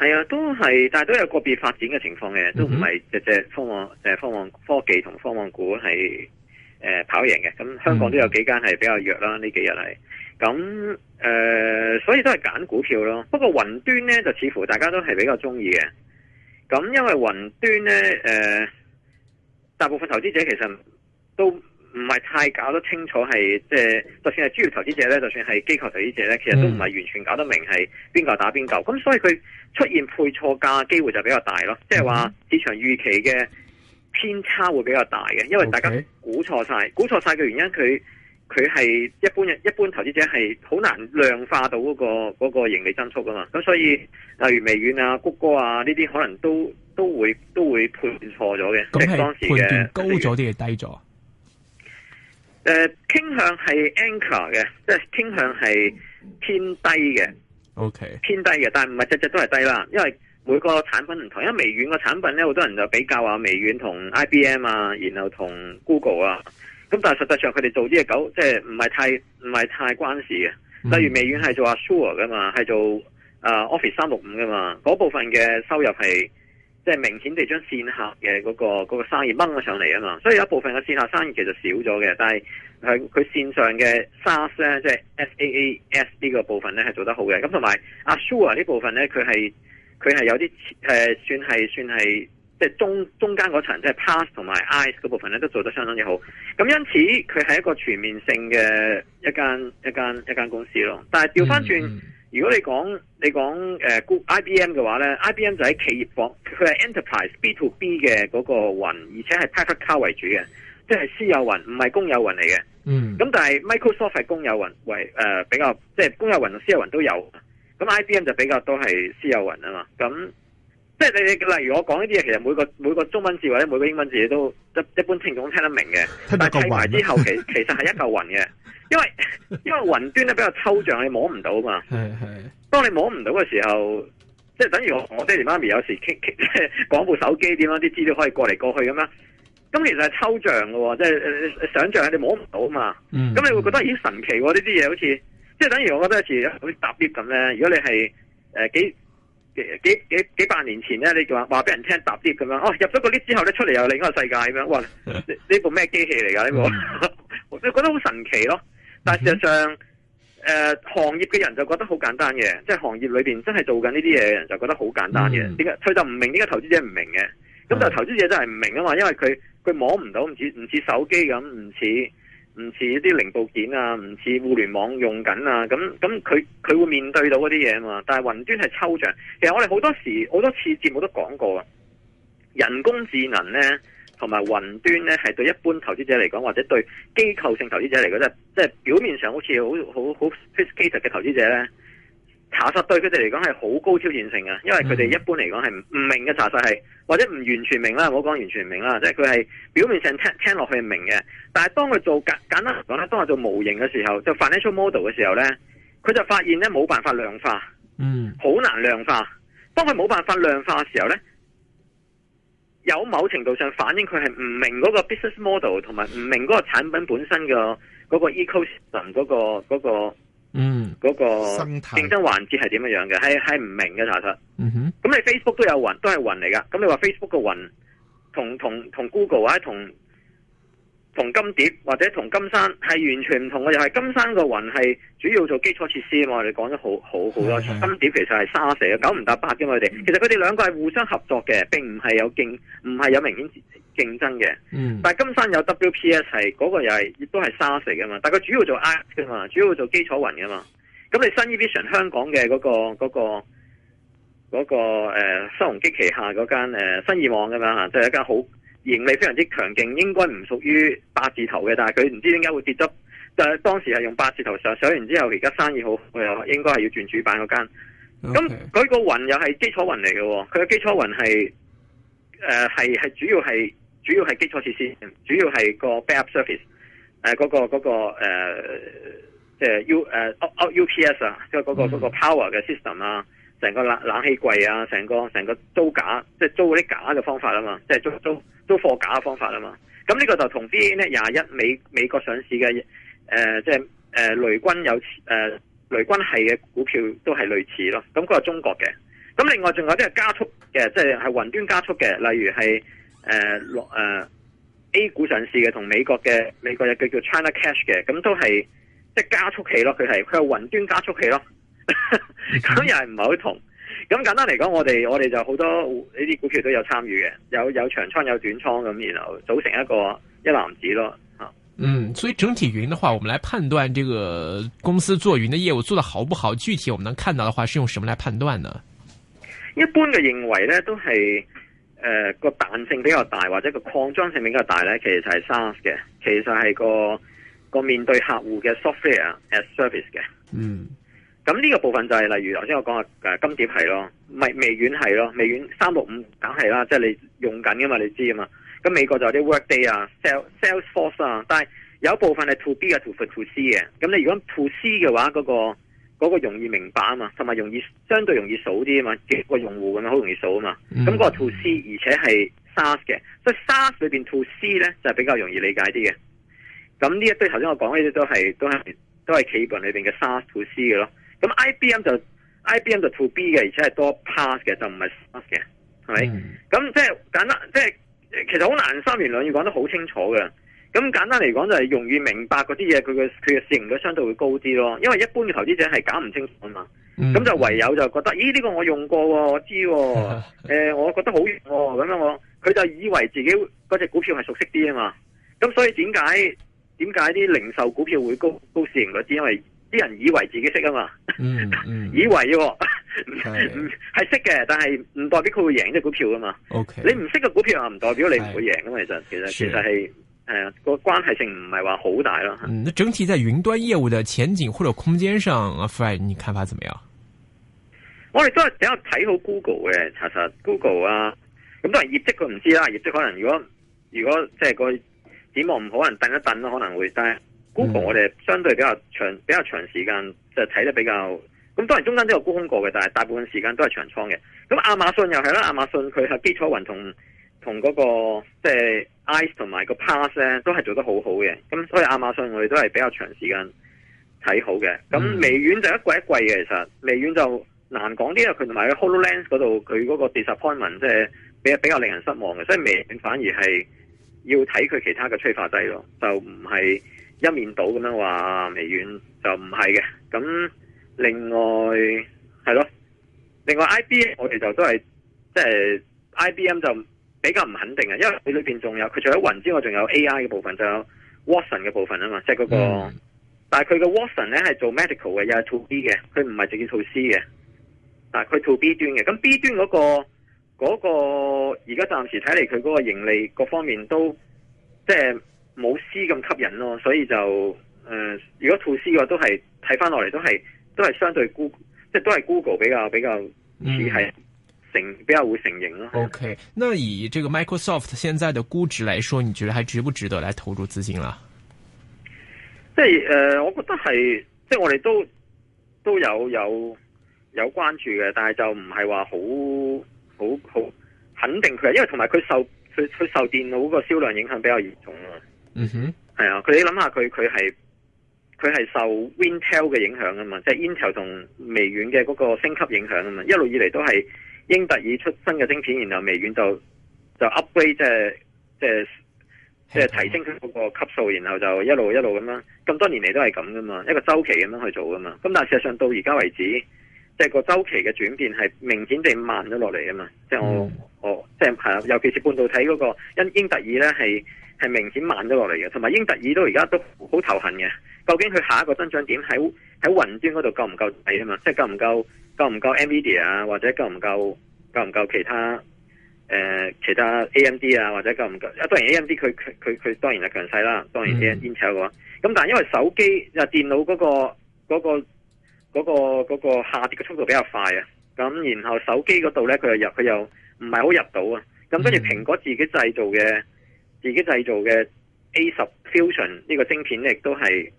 係啊，都係，但係都有個別發展嘅情況嘅，都唔係只只科網、呃，科技同科網股係誒、呃、跑贏嘅。咁香港都有幾間係比較弱啦，呢幾日係。咁誒、呃，所以都係揀股票咯。不過雲端呢，就似乎大家都係比較中意嘅。咁因為雲端呢，誒、呃，大部分投資者其實都。唔係太搞得清楚，係即係，就算係主要投資者咧，就算係機構投資者咧，其實都唔係完全搞得明係邊個打邊個，咁所以佢出現配錯價機會就比較大咯。即係話市場預期嘅偏差會比較大嘅，因為大家估錯晒，估錯晒嘅原因，佢佢係一般一般投資者係好難量化到嗰個嗰個盈利增速噶嘛。咁所以例如微軟啊、谷歌啊呢啲，可能都都會都會配錯咗嘅。即係判斷高咗啲嘅低咗，誒、uh, 傾向係 anchor 嘅，即係傾向係偏低嘅。O Okay . K. 偏低嘅，但係唔係隻隻都係低啦，因為每個產品唔同。因為微軟個產品咧，好多人就比較話、啊、微軟同 I B M 啊，然後同 Google 啊。咁但係實際上佢哋做啲嘢狗，即係唔係太唔係太關事嘅。嗯、例如微軟係做 Azure 嘅嘛，係做啊、uh, Office 三六五嘅嘛，嗰部分嘅收入係。即係明顯地將線下嘅嗰個生意掹咗上嚟啊嘛，所以有一部分嘅線下生意其實少咗嘅，但係佢佢線上嘅 SaaS 呢即係 SaaS 呢個部分咧係做得好嘅，咁同埋 Azure 呢部分咧佢係佢係有啲誒、呃、算係算係即係中中間嗰層即係、就是、PaaS 同埋 IaaS 嗰部分咧都做得相當之好，咁因此佢係一個全面性嘅一間一間一間公司咯，但係調返轉。嗯嗯嗯。如果你講你講誒 Google、IBM 嘅話咧，IBM 就喺企業房，佢係 enterprise B to B 嘅嗰個雲，而且係 private cloud 為主嘅，即係私有雲，唔係公有雲嚟嘅。嗯。咁但係 Microsoft 係公有雲，為、呃、比較即係公有雲同私有雲都有。咁 IBM 就比較都係私有雲啊嘛。咁即係你你例如我講呢啲嘢，其實每個每個中文字或者每個英文字都一一般聽眾聽得明嘅。但係砌埋之後，其其實係一嚿雲嘅，啊。 因為因為雲端咧比較抽象，你摸唔到嘛。係係。當你摸唔到嘅時候，即係等於我我爹哋媽咪有時傾傾講部手機點樣，啲資料可以過嚟過去咁樣。咁其實係抽象嘅，即係想象你摸唔到嘛。嗯。咁你會覺得咦，神奇呢啲嘢，好似即係等於我覺得有時好似搭 lift 咁咧。如果你係誒、呃、幾幾幾幾幾百年前咧，你話話俾人聽搭 lift 咁樣，哦，入咗個 lift 之後咧，出嚟又另一個世界咁樣。哇！呢部咩機器嚟噶呢部？你、嗯、 覺得好神奇咯～但係事實上，誒、呃，行業嘅人就覺得好簡單嘅，即係行業裏邊真係做緊呢啲嘢嘅人就覺得好簡單嘅。點解、嗯，佢就唔明呢個投資者唔明嘅。咁就投資者真係唔明啊嘛，因為佢佢摸唔到，唔似唔似手機咁，唔似唔似啲零部件啊，唔似互聯網用緊啊。咁咁佢佢會面對到嗰啲嘢啊嘛。但係雲端係抽象。其實我哋好多時好多次節目都講過啊，人工智能呢。同埋雲端咧，係對一般投資者嚟講，或者對機構性投資者嚟講即係、即係、表面上好似好好好 pessimistic 嘅投資者咧，查實對佢哋嚟講係好高挑戰性嘅，因為佢哋一般嚟講係唔明嘅查實係，或者唔完全明啦，唔好講完全唔明啦，即係佢係表面上聽聽落去明嘅，但係當佢做簡簡單嚟講咧，當佢做模型嘅時候，就 financial model 嘅時候咧，佢就發現咧冇辦法量化，嗯，好難量化。當佢冇辦法量化嘅時候咧。有某程度上反映佢係唔明嗰個 business model，同埋唔明嗰個產品本身嘅嗰個 ecosystem 嗰個嗰個，嗰個、嗯，嗰個競爭環節係點樣嘅，係係唔明嘅查實。咁、嗯、哼你 Facebook 都有雲，都係雲嚟噶。咁你話 Facebook 個雲同同同 Google 啊，同。同同同金蝶或者同金山係完全唔同嘅，又係金山個雲係主要做基礎設施啊嘛。我哋講咗好好好多，金蝶其實係 SAAS 嚟嘅，九唔搭八嘅內哋其實佢哋兩個係互相合作嘅，並唔係有競，唔係有明顯競爭嘅。嗯、但係金山有 WPS，係嗰個又係亦都係 SAAS 㗎噶嘛？但係佢主要做 IT 噶嘛，主要做基礎雲噶嘛。咁你 SUNeVision 香港嘅嗰、那個嗰、那個嗰、那個誒新鴻基旗下嗰間誒新意網咁樣吓，即、就、係、是、一間好。盈利非常之強勁，應該唔屬於八字頭嘅，但係佢唔知點解會跌咗，但係當時係用八字頭上，上完之後而家生意好，我又應該係要轉主板嗰間。咁佢 Okay. 個雲又係基礎雲嚟嘅，佢嘅基礎雲係誒係係主要係主要係基礎設施，主要係個 backup surface、呃嗰個嗰個呃呃呃誒嗰個嗰個即係 U 誒 UUPS 啊，即係嗰個 power 嘅 system 啊。嗯成個冷冷氣櫃啊，成個成個租假，即係租啲假嘅方法啊嘛，即係租租租貨假嘅方法啊嘛。咁呢個就同啲咧廿一美美國上市嘅誒，即係誒雷軍有誒、呃、雷軍係嘅股票都係類似咯。咁佢係中國嘅。咁、嗯、另外仲有啲係加速嘅，即係係雲端加速嘅，例如係誒落誒 A 股上市嘅，同美國嘅美國有個叫 China Cash 嘅，咁、嗯、都係即係加速器咯。佢係佢係雲端加速器咯。咁又係唔係好同咁簡單嚟講，我哋我哋就好多呢啲股票都有參與嘅，有有長倉有短倉咁，然後組成一個一籃子咯。嗯，所以整體雲嘅話，我們來判斷這個公司做雲的業務做得好不好？具體我們能看到的話，是用什麼來判斷呢？一般嘅認為呢都係誒個彈性比較大或者個擴張性比較大呢，其實係 SaaS 嘅，其實係個個面對客戶嘅 software as service 嘅，嗯。咁呢個部分就係、係、例如頭先我講嘅誒金碟係咯，咪微軟係咯，微軟三六五梗係啦，即係你用緊㗎嘛，你知啊嘛。咁美國就有啲 Workday 啊、Sales、Salesforce 啊，但係有部分係 To B 嘅 To C、To C 嘅。咁你如果 To C 嘅話，嗰、嗰個嗰個容易明白啊嘛，同埋容易相對容易數啲啊嘛，幾個用戶咁樣好容易數啊嘛。咁、嗯、個 To C 而且係 SaaS 嘅，所以 SaaS 裏面 To C 咧就係、比較容易理解啲嘅。咁呢一堆頭先我講呢啲都係都係都係企業裏邊嘅 SaaS To C 嘅咯。咁 I B M 就 I B M 就 to B 嘅，而且係多 pass 嘅，就唔係 stock 嘅，係咪？咁、mm. 即係簡單，即係其實好難。三言兩語講得好清楚嘅，咁簡單嚟講就係容易明白嗰啲嘢，佢嘅佢嘅市盈率相對會高啲咯。因為一般嘅投資者係搞唔清楚啊嘛，咁、mm. 就唯有就覺得，咦呢、這個我用過，我知，誒、呃、我覺得好用咁樣我，佢就以為自己嗰隻股票係熟悉啲啊嘛。咁所以點解點解啲零售股票會高高市盈率？因為啲人以為自己識啊嘛，嗯嗯、以為要，係、嗯、識嘅，但係唔代表佢會贏啲股票噶嘛。Okay, 你唔識嘅股票啊，唔代表你唔會贏噶嘛。哎、其實是其實其實係係個關係性唔係話好大咯。嗯，那整體在雲端業務嘅前景或者空間上阿 f r a n 你看法怎麼樣？我哋都係比較睇好 Google 嘅，查實 Google 啊，咁當然業績佢唔知啦，業績可能如果如果即係個展望唔好，可能等一等可能會但。高過、嗯、我哋相對比較長比較長時間就睇得比較，咁當然中間都有沽空過嘅，但係大部分時間都係長倉嘅。咁亞馬遜又係啦，亞馬遜佢係基礎雲同同嗰、嗰個即係 Ice 同埋個 Pass 咧都係做得好好嘅。咁所以亞馬遜我哋都係比較長時間睇好嘅。咁微軟就一季一季嘅其實，微軟就難講啲啊。佢同埋個 HoloLens 嗰度佢嗰個 disappointment 即係比比較令人失望嘅，所以微軟反而係要睇佢其他嘅催化劑咯，就唔係。一面倒咁樣話微軟就唔係嘅，咁另外係咯，另外 I B M 我哋就都係即係 I B M 就比較唔肯定嘅，因為佢裏邊仲有佢除咗雲之外有 AI，仲有 A I 嘅部分，仲有 Watson 嘅部分啊嘛，即係嗰個，oh. 但係佢個 Watson 咧係做 medical 嘅，又係 to B 嘅，佢唔係直接 to C 嘅，但係佢 to B 端嘅，咁 B 端嗰個嗰個而家暫時睇嚟佢嗰個盈利各方面都即係。就是冇 C 咁吸引咯，所以就誒、呃，如果吐詩嘅話都係睇翻落嚟都係都係相對 Google，即係都係 Google 比較比較似係成比較會成型咯。OK，那以這個 Microsoft 現在嘅估值嚟說，你覺得還值不值得來投入資金啦？即係、呃、我覺得係即係我哋都都有有有關注嘅，但係就唔係話好好好肯定佢，因為同埋佢受佢佢受電腦個銷量影響比較嚴重啊。嗯哼，係啊，佢你諗下佢佢係佢係受 Intel 嘅影響啊嘛，即係 Intel 同微軟嘅嗰個升級影響啊嘛，一路以嚟都係英特爾出新嘅晶片，然後微軟就就 upgrade 即係即係即係提升佢嗰個級數，然後就一路一路咁樣咁多年嚟都係咁噶嘛，一個周期咁樣去做噶嘛，咁但係事實上到而家為止，即係個周期嘅轉變係明顯地慢咗落嚟啊嘛，即係我。Hmm. 哦，即係吓，尤其是半導體嗰個因英特爾咧，係係明顯慢咗落嚟嘅。同埋英特爾都而家都好頭痕嘅，究竟佢下一個增長點喺喺雲端嗰度夠唔夠睇啊？嘛，即係夠唔夠夠唔夠 NVIDIA 啊，夠夠 IA, 或者夠唔夠夠唔夠其他誒、呃、其他 AMD 啊，或者夠唔夠？當然 AMD 佢佢佢佢當然係強勢啦，當然啲 Intel 嘅話，咁、嗯、但係因為手機啊電腦嗰、嗰個嗰、嗰個嗰、嗰個嗰、嗰個嗰個下跌嘅速度比較快啊，咁然後手機嗰度咧佢又入佢又。唔係好入到啊！咁跟住，蘋果自己製造嘅、mm hmm. 自己製造嘅 A10 Fusion 呢個晶片咧，亦都係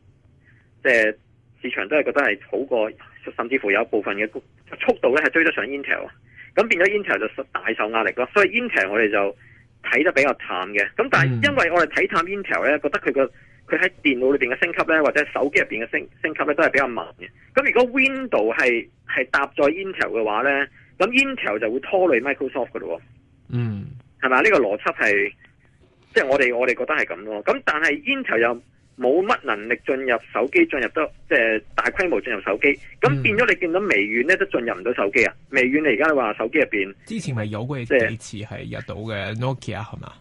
即係市場都係覺得係好過，甚至乎有一部分嘅速度呢係追得上 Intel 啊！咁變咗 Intel 就大受壓力咯。所以 Intel 我哋就睇得比較淡嘅。咁但係因為我哋睇淡 Intel 呢，覺得佢個佢喺電腦裏邊嘅升級呢，或者手機入邊嘅升升級呢，都係比較慢嘅。咁如果 Window 係係搭載 Intel 嘅話呢，咁 Intel 就會拖累 Microsoft 嘅咯、啊、喎，嗯，係咪？呢、呢個邏輯係即係我哋我哋覺得係咁咯。咁但係 Intel 又冇乜能力進入手機進入得即係、即係、大規模進入手機。咁變咗你見到微軟咧都進入唔到手機啊！微軟你而家話手機入邊之前咪有過幾次係入到嘅 Nokia 係嘛？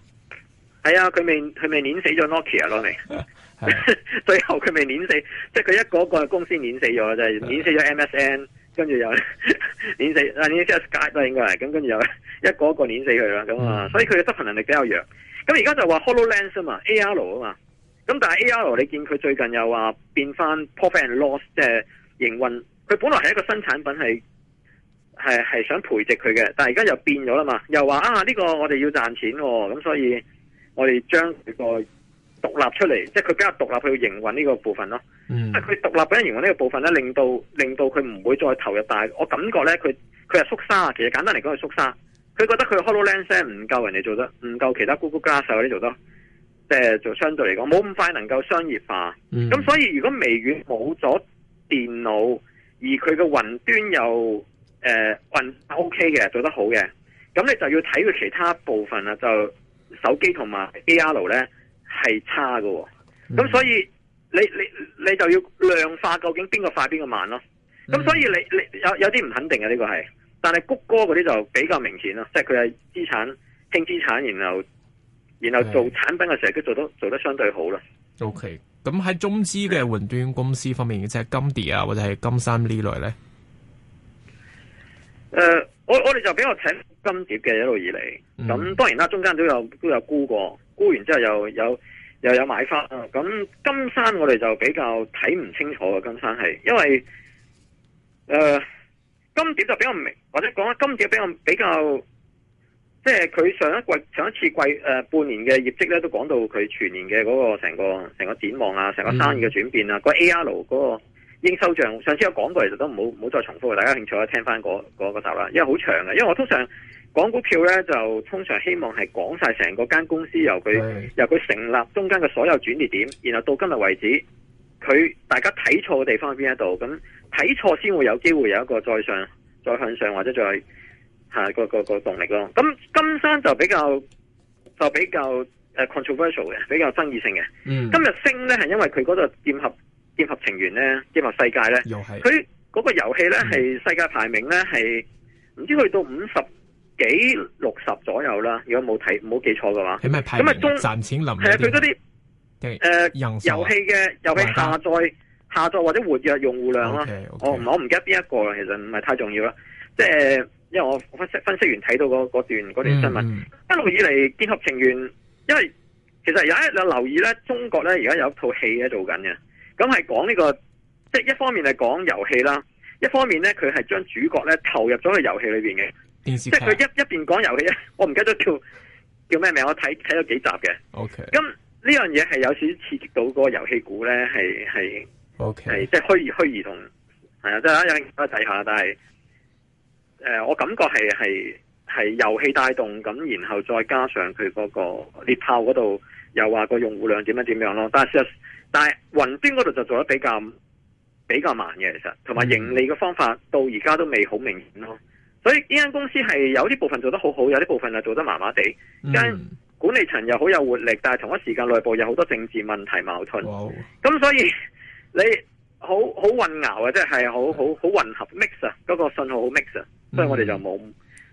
係啊，佢未佢未碾死咗 Nokia、ok、咯，你、啊，啊、 最後佢未碾死，即係佢一個個公司碾死咗，就係、係、碾死咗 MSN、啊。跟住又碾 死，啊碾死啊 Skype 啦，應該係咁，跟住又一個一個碾死佢啦，咁啊、嗯，嗯、所以佢嘅執行能力比較弱。咁而家就話 HoloLens l w 啊嘛，AR 啊嘛，咁但係 AR 你見佢最近又話變翻 Profit and Loss，即係營運。佢本來係一個新產品是，係係係想培植佢嘅，但係而家又變咗啦嘛，又話啊呢、這個我哋要賺錢喎、哦，咁所以我哋將佢個獨立出嚟，即係佢加入獨立去嘅營運呢個部分咯。嗯，佢獨立俾人用嘅呢個部分咧，令到令到佢唔會再投入大。我感覺咧，佢佢係縮沙，其實簡單嚟講係縮沙。佢覺得佢 HoloLens 唔夠人哋做得，唔夠其他 Google Glass 嗰啲做得，即、呃、係做相對嚟講冇咁快能夠商業化。咁、嗯、所以如果微軟冇咗電腦，而佢嘅雲端又誒運、呃、OK 嘅做得好嘅，咁你就要睇佢其他部分啦。就手機同埋 AR 咧係差嘅、哦，咁所以。嗯你你你就要量化究竟邊個快邊個慢咯、啊，咁、嗯、所以你你有有啲唔肯定嘅呢個係，但係谷歌嗰啲就比較明顯咯，即係佢係資產輕資產，然後然後做產品嘅時候佢做得做得相對好啦、啊。OK，咁喺中資嘅雲端公司方面，即、就、係、是、金蝶啊或者係金山類呢類咧？誒、呃，我我哋就比較請金蝶嘅一路以嚟，咁、嗯、當然啦，中間都有都有沽過，沽完之後又有。有又有買方啊！咁金山我哋就比較睇唔清楚啊！金山係因為，誒、呃、金蝶就比較唔明，或者講咧金蝶比較比較，即係佢上一季上一次季誒、呃、半年嘅業績咧，都講到佢全年嘅嗰個成個成個展望啊，成個生意嘅轉變啊，嗯、個 AR 嗰、那個。應收賬，上次有講過其實都唔好唔好再重複。大家興趣咧，聽翻嗰、嗰個集啦，因為好長嘅。因為我通常講股票呢，就通常希望係講晒成個間公司由佢的由佢成立中間嘅所有轉捩點，然後到今日為止，佢大家睇錯嘅地方喺邊一度？咁睇錯先會有機會有一個再上、再向上或者再嚇、啊、個個個動力咯。咁金山就比較就比較 controversial 嘅，比較爭議性嘅。嗯、今日升呢，係因為佢嗰度劍合。劍俠情緣咧，劍俠世界咧，又係是佢嗰個遊戲咧，係、嗯、世界排名咧係唔知去到五十幾六十左右啦。如果冇睇冇記錯嘅話，咁啊賺錢林係啊，最多啲誒遊戲嘅遊戲下載家下載或者活躍用戶量啦、啊 Okay, okay. 哦。我我唔記得邊一個啦，其實唔係太重要啦。即係、呃、因為我分析分析完睇到嗰、嗰個、段嗰段新聞、嗯、一路以嚟劍俠情緣，因為其實有一我留意咧，中國咧而家有一套戲喺做緊嘅。咁係講呢個，即、就、係、是、一方面係講遊戲啦，一方面咧佢係將主角咧投入咗去遊戲裏邊嘅，即係佢一一邊講遊戲啊，我唔記得咗叫叫咩名，我睇睇咗幾集嘅。O K，咁呢樣嘢係有少少刺激到個個遊戲股咧，係係 O K，即係虛虛擬同係啊，即係大家睇下，但係誒、呃，我感覺係係係遊戲帶動，咁然後再加上佢嗰個獵豹嗰度又話個用戶量點樣點樣咯，但係但係雲端嗰度就做得比較比較慢嘅，其實同埋盈利嘅方法到而家都未好明顯咯。所以呢間公司係有啲部分做得好好，有啲部分就做得麻麻地。間管理層又好有活力，但係同一時間內部有好多政治問題矛盾。咁 Wow. 所以你好好混淆啊，即係好好好混合 mix 啊，嗰、嗰個信號好 mix 啊，所以我哋就冇。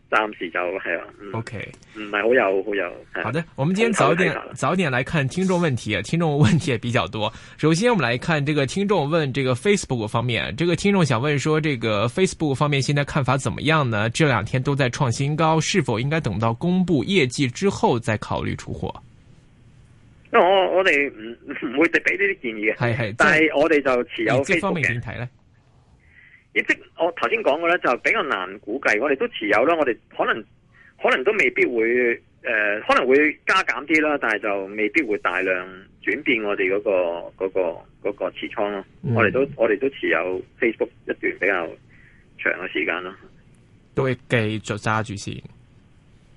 暫時就係啦、嗯、，OK，唔係好有好有。有好的，我們今天早點一早點來看聽眾問題，聽眾問題也比較多。首先，我們來看這個聽眾問：這個 Facebook 方面，這個聽眾想問說，這個 Facebook 方面現在看法怎麼樣呢？這兩天都在創新高，是否應該等到公布業績之後再考慮出貨？因為我我哋唔唔會俾呢啲建議嘅係係，是是但係我哋就持有。方面點睇咧？即我頭先講過咧，就比較難估計。我哋都持有啦，我哋可能可能都未必會誒、呃，可能會加減啲啦，但係就未必會大量轉變我哋嗰、嗰個嗰、嗰個、嗰個持倉咯、嗯。我哋都我哋都持有 Facebook 一段比較長嘅時間咯，都會繼續揸住先。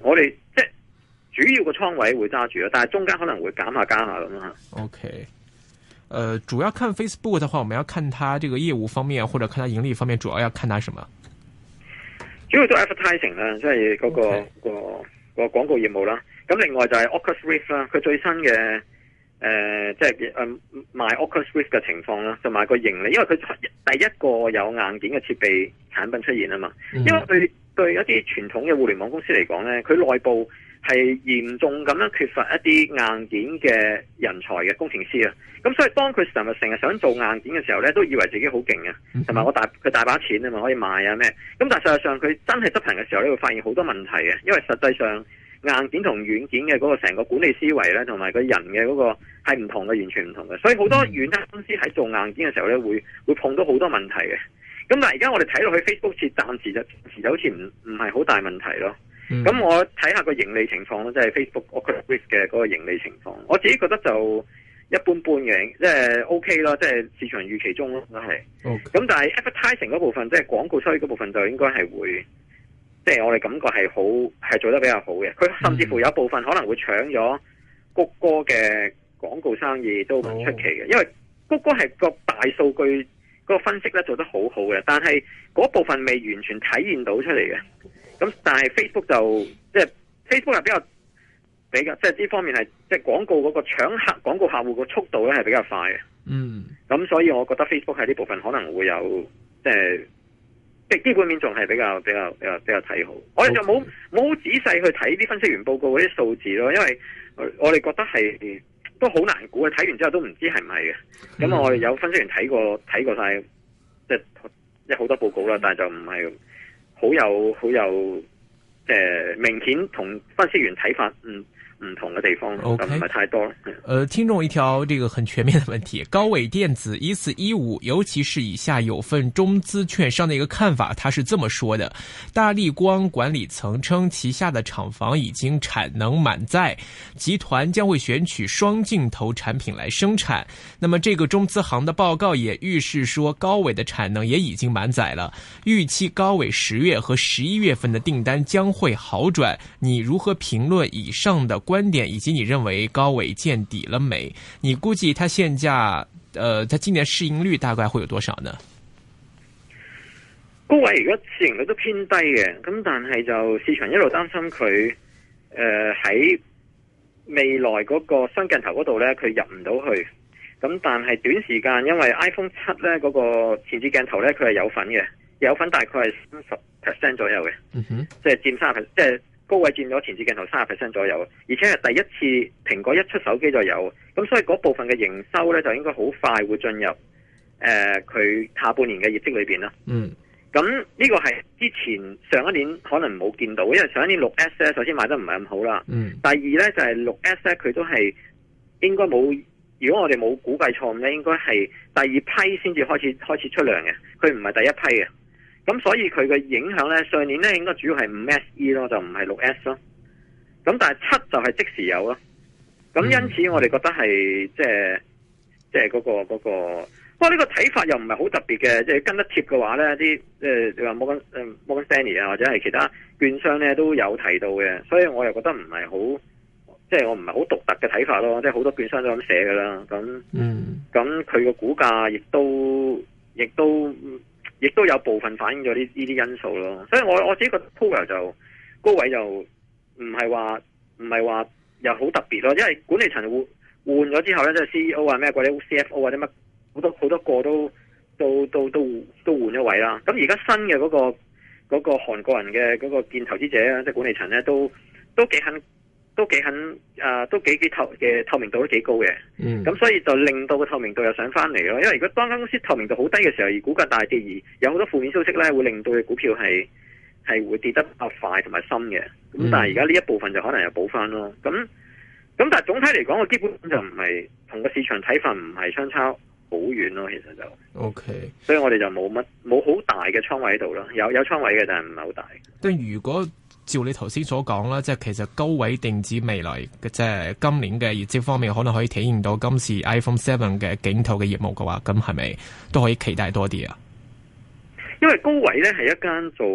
我哋即係主要個倉位會揸住咯，但係中間可能會減下加下咁 OK。呃，主要看 Facebook 的話，我們要看它這個業務方面或者看它盈利方面，主要要看它什麼？主要做 Advertising 啦、那個，即係嗰個個個廣告業務啦。咁另外就係 Oculus Rift 啦，佢最新嘅誒，即、呃、係誒、就、賣、是、Oculus、呃、Rift 嘅情況啦，同埋個盈利，因為佢第一個有硬件嘅設備產品出現啊嘛。嗯、因為對對一啲傳統嘅互聯網公司嚟講呢，佢內部。係嚴重咁樣缺乏一啲硬件嘅人才嘅工程師啊，咁所以當佢成日成日想做硬件嘅時候咧，都以為自己好勁啊，同埋我大佢大把錢啊，咪可以賣啊咩？咁但係事實上佢真係執行嘅時候咧，會發現好多問題嘅，因為實際上硬件同軟件嘅嗰個成個管理思維咧，同埋個人嘅嗰個係唔同嘅，完全唔同嘅。所以好多軟件公司喺做硬件嘅時候咧，會會碰到好多問題嘅。咁但係而家我哋睇落去，Facebook 似暫時就就好似唔唔係好大問題咯。咁、嗯、我睇下個盈利情況咯，即係 Facebook、o 嘅嗰個盈利情況。我自己覺得就一般般嘅，即係 OK 咯，即係市場預期中咯，都係。咁 Okay. 但係 Advertising 嗰部分，即係廣告收益嗰部分，就應該係會，即係我哋感覺係好，係做得比較好嘅。佢甚至乎有一部分可能會搶咗谷歌嘅廣告生意都唔出奇嘅，Oh. 因為谷歌係個大數據嗰個分析咧做得好好嘅，但係嗰部分未完全體現到出嚟嘅。咁但係 Facebook 就即係、即係、Facebook 係比較比較即係呢方面係即係廣告嗰個搶客廣告客戶個速度咧係比較快嘅，嗯，咁所以我覺得 Facebook 喺呢部分可能會有即係即係基本面仲係比較比較比較比較睇好。Okay. 我哋就冇冇仔細去睇啲分析員報告嗰啲數字咯，因為我哋覺得係都好難估嘅，睇完之後都唔知係唔係嘅。咁、嗯、我哋有分析員睇過睇過晒即係即係好多報告啦，嗯、但係就唔係。好有好有，誒、呃、明顯同分析員睇法嗯，唔同嘅地方，o k 唔係太多 Okay.、嗯、呃，聽眾一條這個很全面的問題。高偉電子一四一五，尤其是以下有份中資券商的一個看法，他是這麼說的：大立光管理層稱，旗下的廠房已經產能滿載，集團將會選取雙鏡頭產品來生產。那麼，這個中資行的報告也預示說，高偉的產能也已經滿載了，預期高偉十月和十一月份的訂單將會好轉。你如何評論以上的觀點以及你認為高偉見底了沒？你估計它現價，呃，佢今年市盈率大概會有多少呢？高偉如果市盈率都偏低嘅，咁但係就市場一路擔心佢，誒、呃、喺未來嗰個雙鏡頭嗰度咧，佢入唔到去。咁但係短時間因為 iPhone 七咧嗰，那個前置鏡頭咧，佢係有份嘅，有份大概係三十 percent 左右嘅，嗯、哼，即係佔三十，即係。高位佔咗前置鏡頭三十 percent 左右，而且係第一次蘋果一出手機就有，咁所以嗰部分嘅營收呢，就應該好快會進入誒佢、呃、下半年嘅業績裏邊啦。嗯，咁呢個係之前上一年可能冇見到，因為上一年六 S 呢，首先賣得唔係咁好啦。嗯，第二呢，就係、是、六 S 呢，佢都係應該冇，如果我哋冇估計錯誤呢，應該係第二批先至開始開始出糧嘅，佢唔係第一批嘅。咁所以佢嘅影響咧，上年咧應該主要係五 S E 咯，就唔係六 S 咯。咁但係七就係即時有咯。咁因此我哋覺得係即係即係嗰個嗰個，不過呢個睇法又唔係好特別嘅，即係跟得貼嘅話咧，啲誒你話摩根、呃、摩根 Stanley 啊，或者係其他券商咧都有提到嘅，所以我又覺得唔係好即係我唔係好獨特嘅睇法咯，即係好多券商都咁寫噶啦。咁嗯，咁佢個股價亦都亦都。亦都有部分反映咗呢呢啲因素咯，所以我我自己覺得 Polar 就高位就唔係話唔係話又好特別咯，因為管理層換換咗之後咧，即係 CEO 啊咩鬼啲 CFO 啊啲乜好多好多個都都都都都換咗位啦，咁而家新嘅嗰個嗰個韓國人嘅嗰個建投資者啊，即係管理層咧都都幾肯都幾肯誒、呃，都幾幾透嘅透明度都幾高嘅，咁、嗯、所以就令到個透明度又上翻嚟咯。因為如果當間公司透明度好低嘅時候，而股價大跌而有好多負面消息咧，會令到嘅股票係係會跌得比較快同埋深嘅。咁但係而家呢一部分就可能又補翻咯。咁咁、嗯、但係總體嚟講，我基本上就唔係同個市場睇法唔係相差好遠咯。其實就 OK，所以我哋就冇乜冇好大嘅倉位喺度咯。有有倉位嘅，但係唔係好大。對，如果。照你頭先所講啦，即係其實高位定止未來即係今年嘅業績方面，可能可以體現到今次 iPhone Seven 嘅鏡頭嘅業務嘅話，咁係咪都可以期待多啲啊？因為高位咧係一間做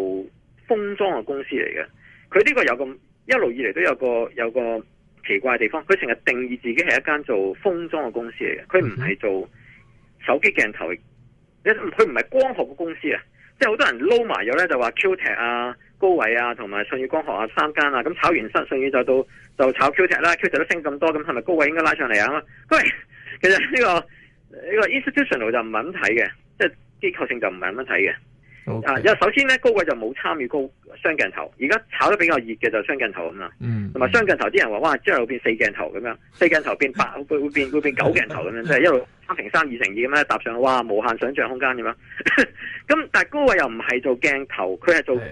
封裝嘅公司嚟嘅，佢呢個有咁一路以嚟都有個有個奇怪嘅地方，佢成日定義自己係一間做封裝嘅公司嚟嘅，佢唔係做手機鏡頭，佢唔係光學嘅公司啊，即係好多人撈埋咗咧就話 Q Tech 啊。高位啊，同埋信宇光學啊，三間啊，咁炒完新信宇就到就炒 QT 啦，QT 都升咁多，咁係咪高位應該拉上嚟啊？因為其實呢、這個呢、這個 institutional 就唔係咁睇嘅，即係結構性就唔係咁樣睇嘅。Okay. 啊，因為首先咧高位就冇參與高雙鏡頭，而家炒得比較熱嘅就雙鏡頭咁啊。嗯，同埋雙鏡頭啲人話哇，之後變四鏡頭咁樣，四鏡頭變八會 會變會變九鏡頭咁樣，即係 一路三乘三二乘二咁樣搭上，哇，無限想象空間咁樣。咁 但係高位又唔係做鏡頭，佢係做。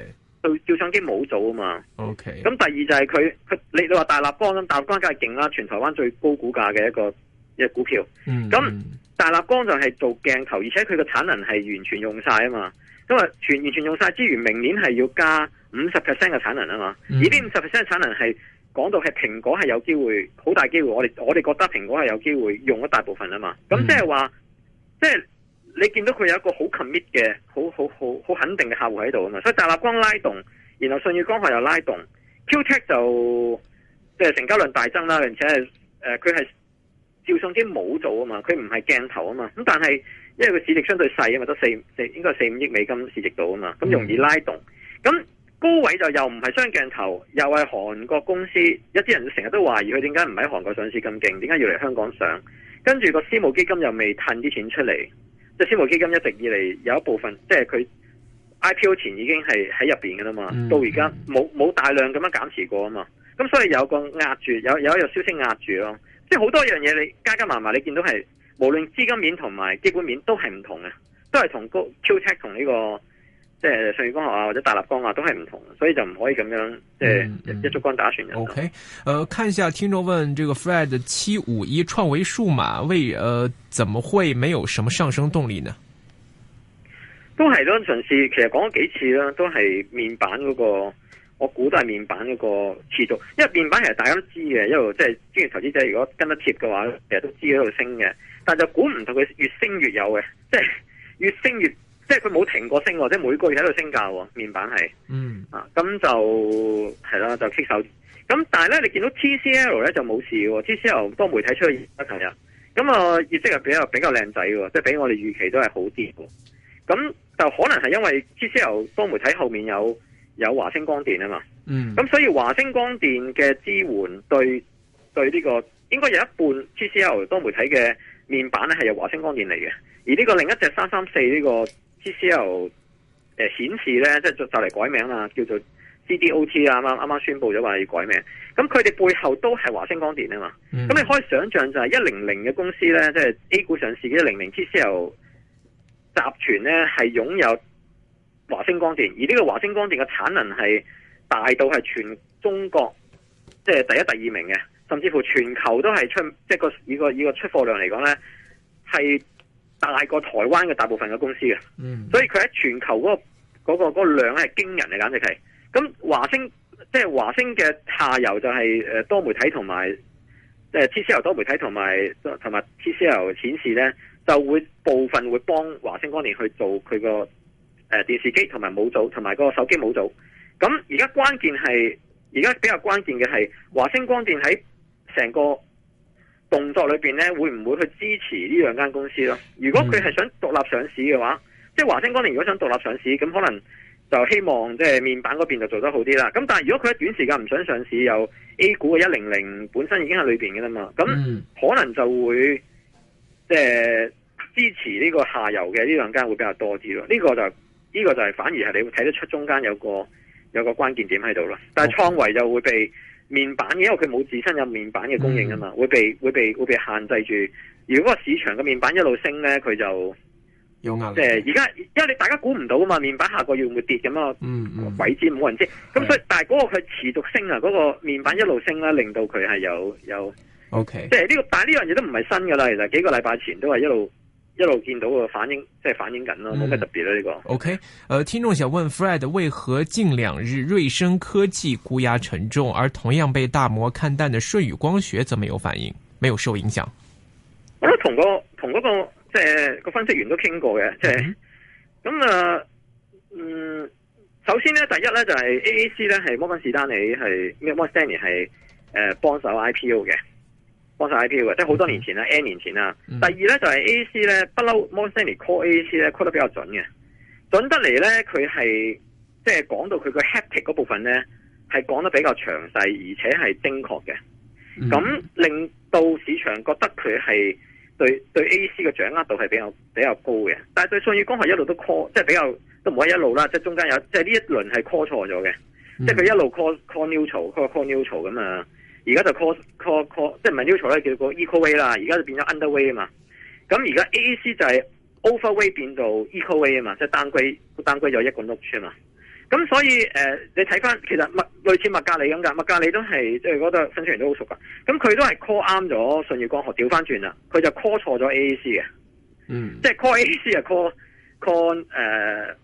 照相機冇做啊嘛，OK。咁第二就係佢佢，你你話大立光，大立光梗係勁啦，全台灣最高股價嘅一個一股票。咁、嗯、大立光就係做鏡頭，而且佢個產能係完全用晒啊嘛。咁啊，全完全用晒之餘，明年係要加五十 percent 嘅產能啊嘛。呢啲五十 percent 嘅產能係講到係蘋果係有機會，好大機會，我哋我哋覺得蘋果係有機會用一大部分啊嘛。咁、嗯、即係話，即係。你見到佢有一個好 commit 嘅，好好好好肯定嘅客戶喺度啊嘛，所以大立光拉動，然後舜宇光學又拉動，Q Tech 就即成交量大增啦。並且佢係照相機冇做啊嘛，佢唔係鏡頭啊嘛。咁但係因為佢市值相對細啊嘛，得四四應該四五億美金市值到啊嘛，咁容易拉動。咁、嗯、高位就又唔係雙鏡頭，又係韓國公司。一啲人成日都懷疑佢點解唔喺韓國上市咁勁？點解要嚟香港上？跟住個私募基金又未褪啲錢出嚟。即係私募基金一直以嚟，有一部分，即係佢 IPO 前已經係喺入邊噶啦嘛，到而家冇冇大量咁樣減持過啊嘛，咁所以有個壓住，有有一個消息壓住咯，即係好多樣嘢，你加加埋埋你見到係，無論資金面同埋基本面都係唔同嘅，都係同高 Q Tech 同呢個。即係舜宇光學啊，或者大立光啊，都係唔同，所以就唔可以咁樣，即係、嗯嗯、一竹篙打一船人。O、okay. K，呃，看一下聽眾問：，這個 Fred 七五一創維數碼為，呃，怎麼會沒有什麼上升動力呢？都係咯，上次其實講咗幾次啦，都係面板嗰、那個，我估都係面板嗰個持續，因為面板其實大家都知嘅，因為即係專業投資者如果跟得貼嘅話，其實都知喺度升嘅，但就估唔到佢越升越有嘅，即係越升越。即係佢冇停過升，即係每個月喺度升價，面板係，嗯，啊，咁就係啦，就棘手，咁但係咧，你見到 TCL 咧就冇事喎。TCL 多媒體出去一係啊，咁啊業績入邊，比較比較靚仔喎，即係比我哋預期都係好啲，咁就可能係因為 TCL 多媒體後面有有華星光電啊嘛，嗯，咁所以華星光電嘅支援對對呢個應該有一半 TCL 多媒體嘅面板咧係由華星光電嚟嘅，而呢個另一隻三三四呢個。TCL，誒、呃、顯示咧，即係就嚟改名啦，叫做 CDOT 啱，啊、啱啱啱宣布咗話要改名。咁佢哋背後都係華星光電啊嘛。咁、嗯、你可以想象就係一零零嘅公司咧，即係 A 股上市嘅一零零 TCL 集團咧，係擁有華星光電。而呢個華星光電嘅產能係大到係全中國，即係第一、第二名嘅，甚至乎全球都係出，即係個以個以個出貨量嚟講咧係。大過台灣嘅大部分嘅公司嘅，所以佢喺全球嗰、嗰個、嗰個、嗰個量係驚人嘅，簡直係。咁華星即係華星嘅下游就係誒多媒體同埋誒 TCL 多媒體同埋同埋 TCL 顯示咧，就會部分會幫華星光電去做佢個誒電視機同埋模組同埋個手機模組。咁而家關鍵，係而家比較關鍵嘅係華星光電喺成個。動作裏邊咧，會唔會去支持呢兩間公司咯？如果佢係想獨立上市嘅話，嗯、即係華星光電如果想獨立上市，咁可能就希望即係面板嗰邊就做得好啲啦。咁但係如果佢喺短時間唔想上市，有 A 股嘅一零零本身已經喺裏邊嘅啦嘛，咁可能就會即係、就是、支持呢個下游嘅呢兩間會比較多啲咯。呢、呢個就呢、呢個就係反而係你會睇得出中間有個有個關鍵點喺度咯。但係創維就會被。面板，因為佢冇自身有面板嘅供應啊嘛、嗯會，會被會被會被限制住。如果個市場嘅面板一路升咧，佢就有壓力。即係而家，因為你大家估唔到啊嘛，面板下個月會，會跌咁啊，嗯嗯、鬼知冇人知。咁的所以，但係嗰個佢持續升啊，嗰個面板一路升咧，令到佢係有有。O K。即係呢個，但係呢樣嘢都唔係新噶啦，其實幾個禮拜前都係一路。一路見到個反應，即係反應緊咯，冇咩特別啦、啊、呢、嗯這個。OK，誒、呃，聽眾想問 Fred，為何近兩日瑞聲科技沽壓沉重，而同樣被大摩看淡的舜宇光學則未有反應，沒有受影響？我同個同嗰個即係個分析員都傾過嘅，嗯、即係咁啊，嗯、呃，首先咧，第一咧就係、是、AAC 咧係摩根士丹尼係，摩斯丹尼係誒幫手 IPO 嘅。幫晒 I P 嘅，即係好多年前啦、嗯、N 年前啦。嗯、第二咧就係、是、A C 咧，不嬲 Morgan Stanley call A C 咧 call 得比較準嘅，準得嚟咧佢係即係講到佢個 haptic 嗰部分咧，係講得比較詳細而且係精確嘅，咁、嗯、令到市場覺得佢係對對 A C 嘅掌握度係比較比較高嘅。但係對信義光學一路都 call，即係比較都唔可以一路啦，即係中間有即係呢一輪係 call 錯咗嘅，即係佢一、嗯、一路 call call neutral call call neutral 咁啊。而家就 call call call，call 即係唔係 neutral 咧叫個 equal way 啦，而家就變咗 under way 啊嘛。咁而家 A A C 就係 over way 變到 equal way 啊嘛，即係單櫃單櫃就一個碌穿啊。咁所以誒、呃，你睇翻其實物類似麥格里咁㗎，麥格里都係即係嗰度分析員都好熟㗎。咁佢都係 call 啱咗舜宇光學調翻轉啦，佢就 call 錯咗 A A C 嘅，嗯，即係 call A A C 就 call call 誒、uh, 誒、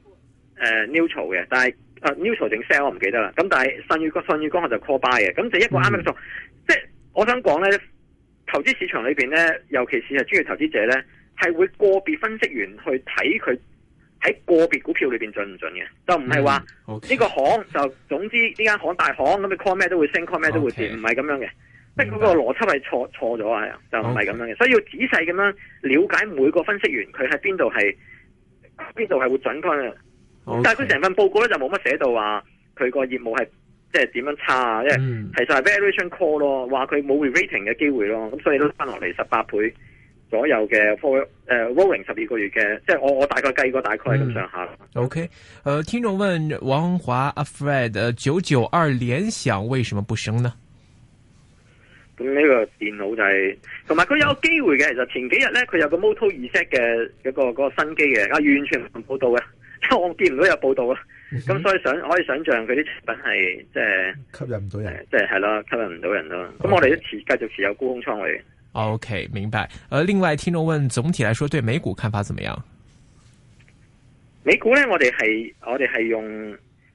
uh, neutral 嘅，但係。啊、uh,，neutral 定 sell 我唔記得啦。咁但係信譽光信譽剛我就 call buy 嘅。咁就一個啱一個錯、嗯、即係我想講咧，投資市場裏邊咧，尤其是係專業投資者咧，係會個別分析員去睇佢喺個別股票裏邊準唔準嘅。就唔係話呢個行、嗯、okay, 就總之呢間行大行咁你 call 咩都會升 call okay ,咩都會跌，唔係咁樣嘅。白即係個邏輯係錯錯咗啊，就唔係咁樣嘅。Okay, 所以要仔細咁樣了解每個分析員佢喺邊度係邊度係會準但係佢成份報告咧就冇乜寫到話佢個業務係即係點樣差啊！即係、嗯、其實係 valuation call 咯，話佢冇 re-rating 嘅機會咯，咁所以都翻落嚟十八倍左右嘅 po、呃、rolling 十二個月嘅，即係我我大概計過大概係咁上下。OK，誒聽眾問王華阿 Fred 九九二聯想為什麼不升呢？咁呢個電腦就係同埋佢有，有機會嘅，其實前幾日咧佢有個 MotoriSet 嘅一、那個那個新機嘅啊，完全唔報道嘅。我見唔到有報道啊，咁、嗯哼嗯、所以想我可以想象佢啲產品係即係吸引唔到人，即係係咯，吸引唔到人咯。咁 Okay. 我哋都持繼續持有沽空倉位。OK，明白。而另外聽眾問，總體來說對美股看法怎麼樣？美股咧，我哋係我哋係用，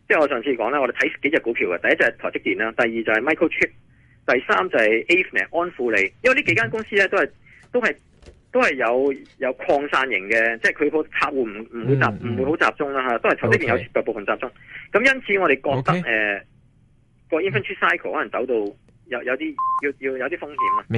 即係我上次講咧，我哋睇幾隻股票嘅，第一隻係台積電啦，第二就係 Michael Chip，第三就係 Avnet 安富利，因為呢幾間公司咧都係都係。都係有有擴散型嘅，即係佢個客戶唔唔會集唔、嗯嗯、會好集中啦吓，都係從呢邊有部分集中。咁 Okay. 因此我哋覺得誒個 inventory cycle 可能走到有有啲要要有啲風險啊。